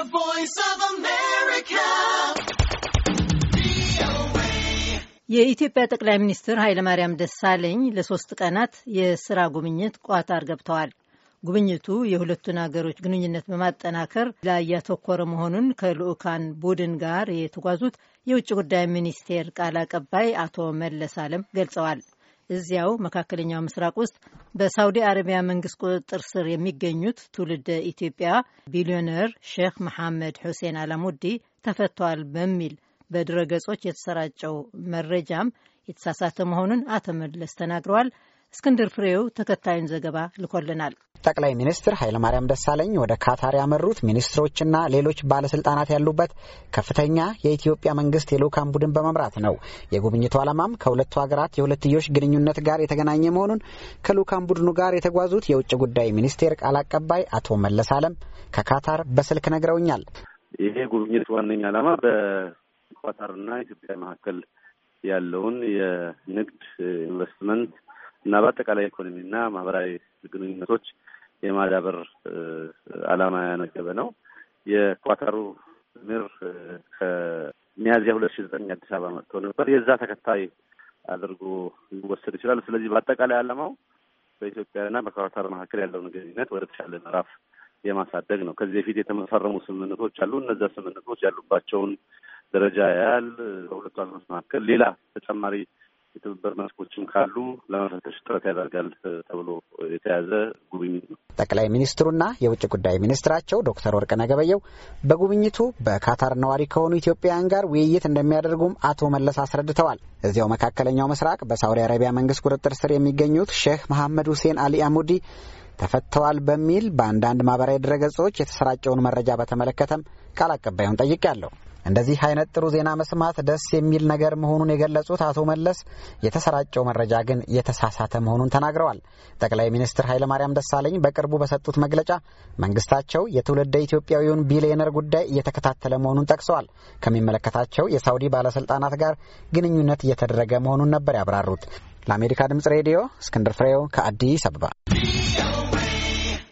The Voice of America. የኢትዮጵያ ጠቅላይ ሚኒስትር ኃይለማርያም ደሳለኝ ለሶስት ቀናት የስራ ጉብኝት ቋታር ገብተዋል። ጉብኝቱ የሁለቱን አገሮች ግንኙነት በማጠናከር ላይ ያተኮረ መሆኑን ከልዑካን ቡድን ጋር የተጓዙት የውጭ ጉዳይ ሚኒስቴር ቃል አቀባይ አቶ መለስ አለም ገልጸዋል። እዚያው መካከለኛው ምስራቅ ውስጥ በሳውዲ አረቢያ መንግስት ቁጥጥር ስር የሚገኙት ትውልደ ኢትዮጵያ ቢሊዮነር ሼክ መሐመድ ሁሴን አላሙዲ ተፈቷል በሚል በድረገጾች የተሰራጨው መረጃም የተሳሳተ መሆኑን አቶ መለስ ተናግረዋል። እስክንድር ፍሬው ተከታዩን ዘገባ ልኮልናል። ጠቅላይ ሚኒስትር ኃይለማርያም ደሳለኝ ወደ ካታር ያመሩት ሚኒስትሮችና ሌሎች ባለስልጣናት ያሉበት ከፍተኛ የኢትዮጵያ መንግስት የልዑካን ቡድን በመምራት ነው። የጉብኝቱ ዓላማም ከሁለቱ ሀገራት የሁለትዮሽ ግንኙነት ጋር የተገናኘ መሆኑን ከልዑካን ቡድኑ ጋር የተጓዙት የውጭ ጉዳይ ሚኒስቴር ቃል አቀባይ አቶ መለስ አለም ከካታር በስልክ ነግረውኛል። ይሄ ጉብኝት ዋነኛ ዓላማ በኳታርና ኢትዮጵያ መካከል ያለውን የንግድ ኢንቨስትመንት እና በአጠቃላይ ኢኮኖሚና ማህበራዊ ግንኙነቶች የማዳበር ዓላማ ያነገበ ነው። የኳታሩ ምር ከሚያዝያ ሁለት ሺ ዘጠኝ አዲስ አበባ መጥቶ ነበር። የዛ ተከታይ አድርጎ ሊወሰድ ይችላል። ስለዚህ በአጠቃላይ ዓላማው በኢትዮጵያና በኳታር መካከል ያለውን ግንኙነት ወደ ተሻለ ምዕራፍ የማሳደግ ነው። ከዚህ በፊት የተፈረሙ ስምምነቶች አሉ። እነዚያ ስምምነቶች ያሉባቸውን ደረጃ ያህል በሁለቱ ሀገሮች መካከል ሌላ ተጨማሪ የትብብር መስኮችም ካሉ ለመፈተሽ ጥረት ያደርጋል ተብሎ የተያዘ ጉብኝት ነው። ጠቅላይ ሚኒስትሩና የውጭ ጉዳይ ሚኒስትራቸው ዶክተር ወርቅነህ ገበየው በጉብኝቱ በካታር ነዋሪ ከሆኑ ኢትዮጵያውያን ጋር ውይይት እንደሚያደርጉም አቶ መለስ አስረድተዋል። እዚያው መካከለኛው ምስራቅ በሳውዲ አረቢያ መንግስት ቁጥጥር ስር የሚገኙት ሼህ መሐመድ ሁሴን አሊ አሙዲ ተፈተዋል በሚል በአንዳንድ ማህበራዊ ድረገጾች የተሰራጨውን መረጃ በተመለከተም ቃል አቀባዩን ጠይቄያለሁ። እንደዚህ አይነት ጥሩ ዜና መስማት ደስ የሚል ነገር መሆኑን የገለጹት አቶ መለስ የተሰራጨው መረጃ ግን የተሳሳተ መሆኑን ተናግረዋል። ጠቅላይ ሚኒስትር ኃይለማርያም ደሳለኝ በቅርቡ በሰጡት መግለጫ መንግስታቸው የትውልደ ኢትዮጵያዊውን ቢሊዮነር ጉዳይ እየተከታተለ መሆኑን ጠቅሰዋል። ከሚመለከታቸው የሳውዲ ባለስልጣናት ጋር ግንኙነት እየተደረገ መሆኑን ነበር ያብራሩት። ለአሜሪካ ድምጽ ሬዲዮ እስክንድር ፍሬው ከአዲስ አበባ